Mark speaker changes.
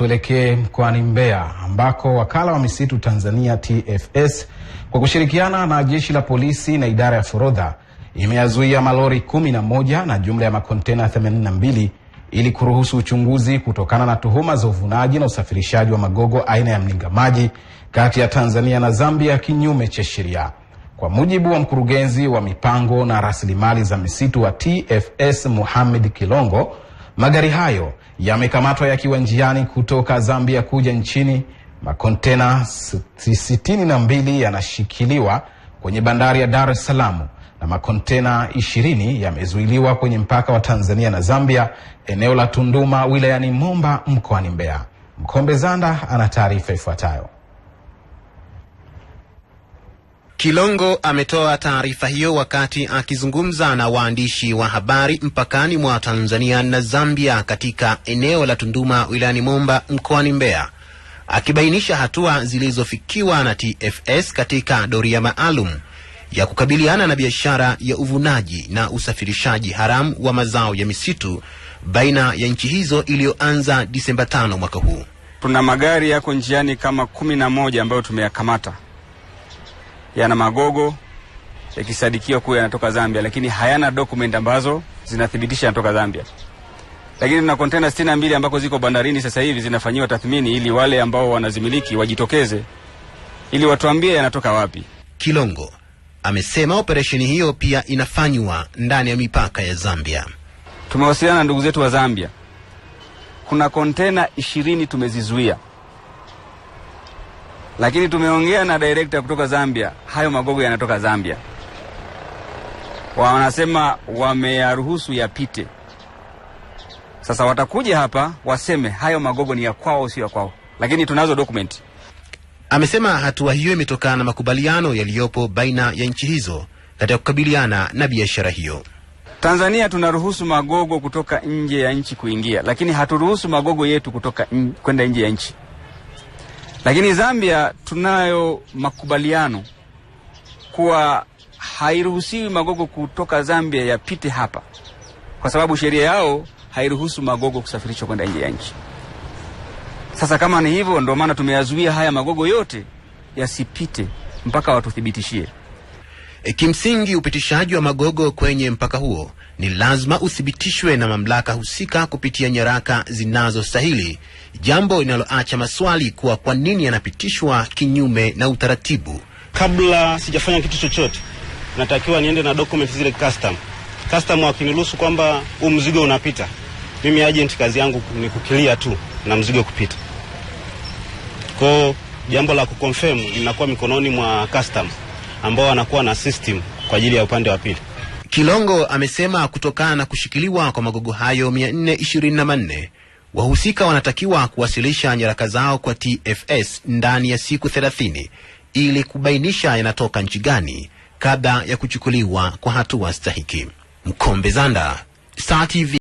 Speaker 1: Tuelekee mkoani Mbeya ambako wakala wa misitu Tanzania TFS kwa kushirikiana na jeshi la polisi na idara ya forodha imeyazuia malori kumi na moja na jumla ya makontena 82 ili kuruhusu uchunguzi kutokana na tuhuma za uvunaji na usafirishaji wa magogo aina ya maji kati ya Tanzania na Zambia kinyume cha sheria. Kwa mujibu wa mkurugenzi wa mipango na rasilimali za misitu wa TFS muhamed Kilongo Magari hayo yamekamatwa yakiwa njiani kutoka Zambia kuja nchini. Makontena sitini na mbili yanashikiliwa kwenye bandari ya Dar es Salaam na makontena ishirini yamezuiliwa kwenye mpaka wa Tanzania na Zambia, eneo la Tunduma wilayani Momba mkoani Mbeya. Mkombe Zanda ana taarifa ifuatayo.
Speaker 2: Kilongo ametoa taarifa hiyo wakati akizungumza na waandishi wa habari mpakani mwa Tanzania na Zambia katika eneo la Tunduma wilayani Momba mkoani Mbeya, akibainisha hatua zilizofikiwa na TFS katika doria maalum ya kukabiliana na biashara ya uvunaji na usafirishaji haramu wa mazao ya misitu baina ya nchi hizo iliyoanza Disemba tano mwaka huu.
Speaker 3: Tuna magari yako njiani kama kumi na moja ambayo tumeyakamata yana magogo yakisadikiwa kuwa yanatoka Zambia, lakini hayana document ambazo zinathibitisha yanatoka Zambia. Lakini na kontena sitini na mbili ambako ziko bandarini sasa hivi zinafanyiwa tathmini, ili wale ambao wanazimiliki wajitokeze ili watuambie yanatoka wapi.
Speaker 2: Kilongo amesema operesheni hiyo pia inafanywa ndani ya mipaka ya Zambia.
Speaker 3: Tumewasiliana na ndugu zetu wa Zambia, kuna kontena ishirini tumezizuia lakini tumeongea na direkta kutoka Zambia, hayo magogo yanatoka Zambia, wanasema wameyaruhusu yapite. Sasa watakuja hapa waseme hayo magogo ni ya kwao, sio ya kwao, lakini tunazo dokumenti.
Speaker 2: Amesema hatua hiyo imetokana na makubaliano yaliyopo baina ya nchi hizo katika kukabiliana na biashara hiyo.
Speaker 3: Tanzania tunaruhusu magogo kutoka nje ya nchi kuingia, lakini haturuhusu magogo yetu kutoka kwenda nje ya nchi. Lakini Zambia tunayo makubaliano kuwa hairuhusiwi magogo kutoka Zambia yapite hapa, kwa sababu sheria yao hairuhusu magogo kusafirishwa kwenda nje ya nchi. Sasa kama ni hivyo, ndio maana tumeyazuia haya magogo yote yasipite mpaka watuthibitishie.
Speaker 2: E, kimsingi, upitishaji wa magogo kwenye mpaka huo ni lazima uthibitishwe na mamlaka husika kupitia nyaraka zinazostahili, jambo linaloacha maswali kuwa kwa nini yanapitishwa kinyume na utaratibu.
Speaker 4: Kabla sijafanya kitu chochote, natakiwa niende na document zile custom. Custom wakiniruhusu kwamba huu mzigo unapita, mimi agent kazi yangu ni kukilia tu na mzigo kupita. Kwa jambo la kuconfirm linakuwa mikononi mwa custom ambao wanakuwa na system kwa ajili ya upande wa pili.
Speaker 2: Kilongo amesema kutokana na kushikiliwa kwa magogo hayo 424 wahusika wanatakiwa kuwasilisha nyaraka zao kwa TFS ndani ya siku 30 ili kubainisha yanatoka nchi gani kabla ya kuchukuliwa kwa hatua stahiki. Mkombe Zanda, Star TV.